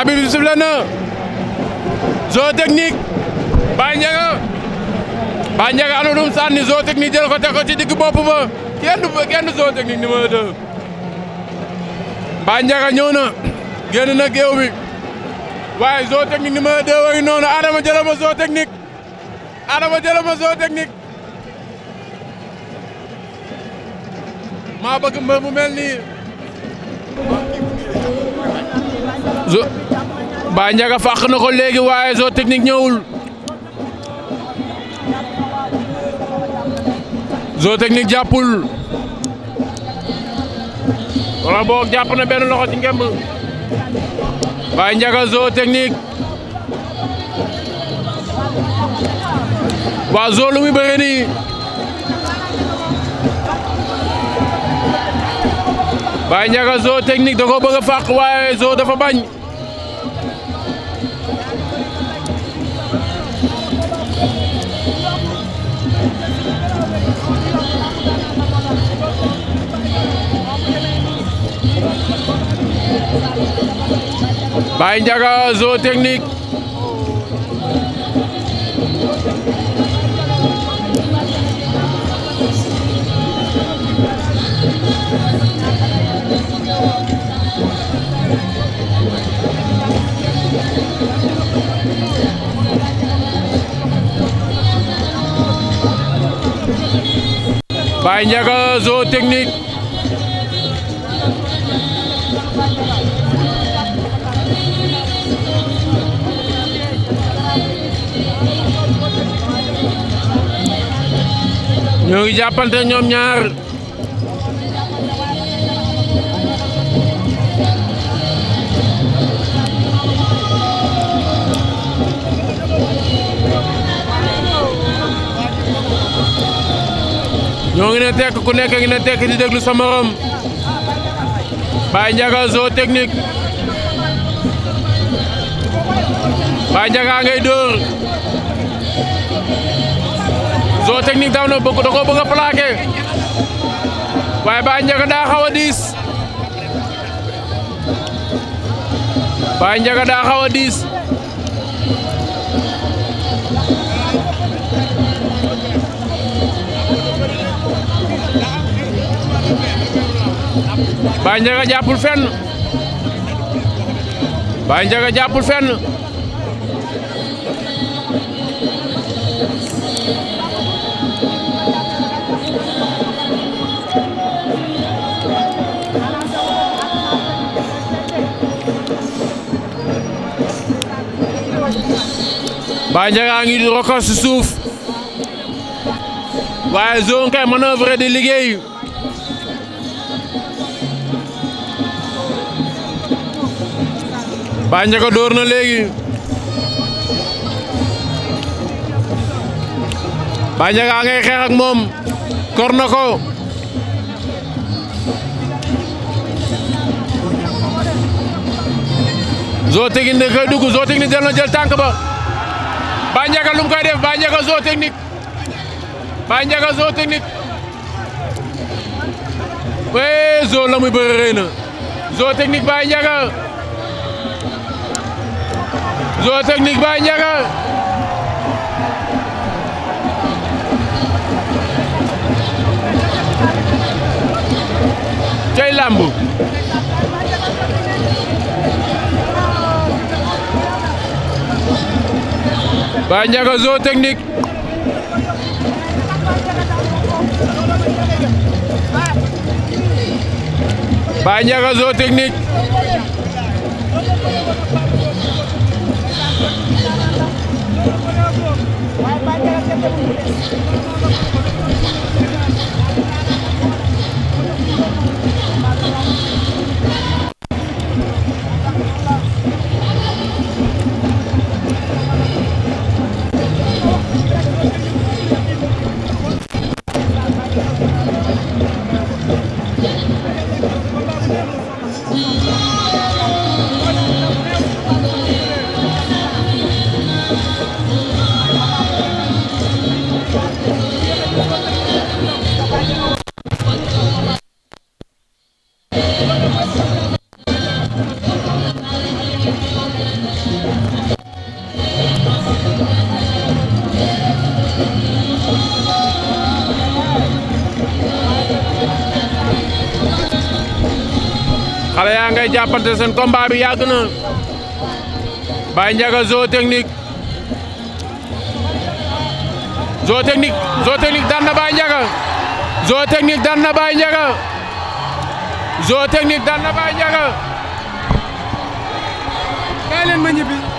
arbitre bi sifflé na Joe Technique Baye Ndiaga Baye Ndiaga am na lu sànni Joe Technique jël ko teg ko ci digg bopp ba kenn du kenn du Joe Technique ñëw na génn na géew bi waaye Joe Technique numéro 2 wa ngi noonu Adama jëlee ma Joe Technique Adama jëlee ma Joe Technique maa bëgg mbër mel nii. zo njaga Ndiaga fàq na ko léegi waaye Zo Technique ñawul Zo Technique jàppul wala boog jàpp na benn loxo ci ngemb Baye Ndiaga Zo Technique waa Zo lu muy bëre nii Baye Ndiaga Zo technique da ko bëgg waaye Zo dafa bañ Baye Ndiaga technique Baye Ndiaga Zo Technique ñoo ngi jàppante ñoom ñaar ñoo ngi ne tekk ku nekk ngi ne tekk di déglu sa morom Baye Ndiaga Zo Technique Baye Ndiaga ngay dóor Zo Technique daw na bëgg da koo bëgg waaye Baye Ndiaga daa xaw diis Baye Ndiaga daa xaw diis Baye Ndiaga jàppul fenn Baye Ndiaga jàppul fenn Baye Ndiaga a ngi di rokos suuf waaye zone kay manoeuvre di liggéey Baye njaga door na léegi Baye Ndiaga a ngay xeex moom kor na ko Zo Technique koy dugg Zo Technique del na jël ba Baye Ndiaga lu mu koy def Baye Ndiaga Zo Technique Baye Ndiaga Zo Technique wee Zo la muy bëre rëy na Zo zoo technique Baye Ndiaga cey làmb Baye zoo technique Baye Ndiaga zoo technique xale yaa ngay jàppante seen combat bi yàgg na Baye Ndiaga Zo Technique Zo Technique Zo Technique daan na Baye Ndiaga Zo Technique daan na Baye Ndiaga Zo Technique daan na Baye Ndiaga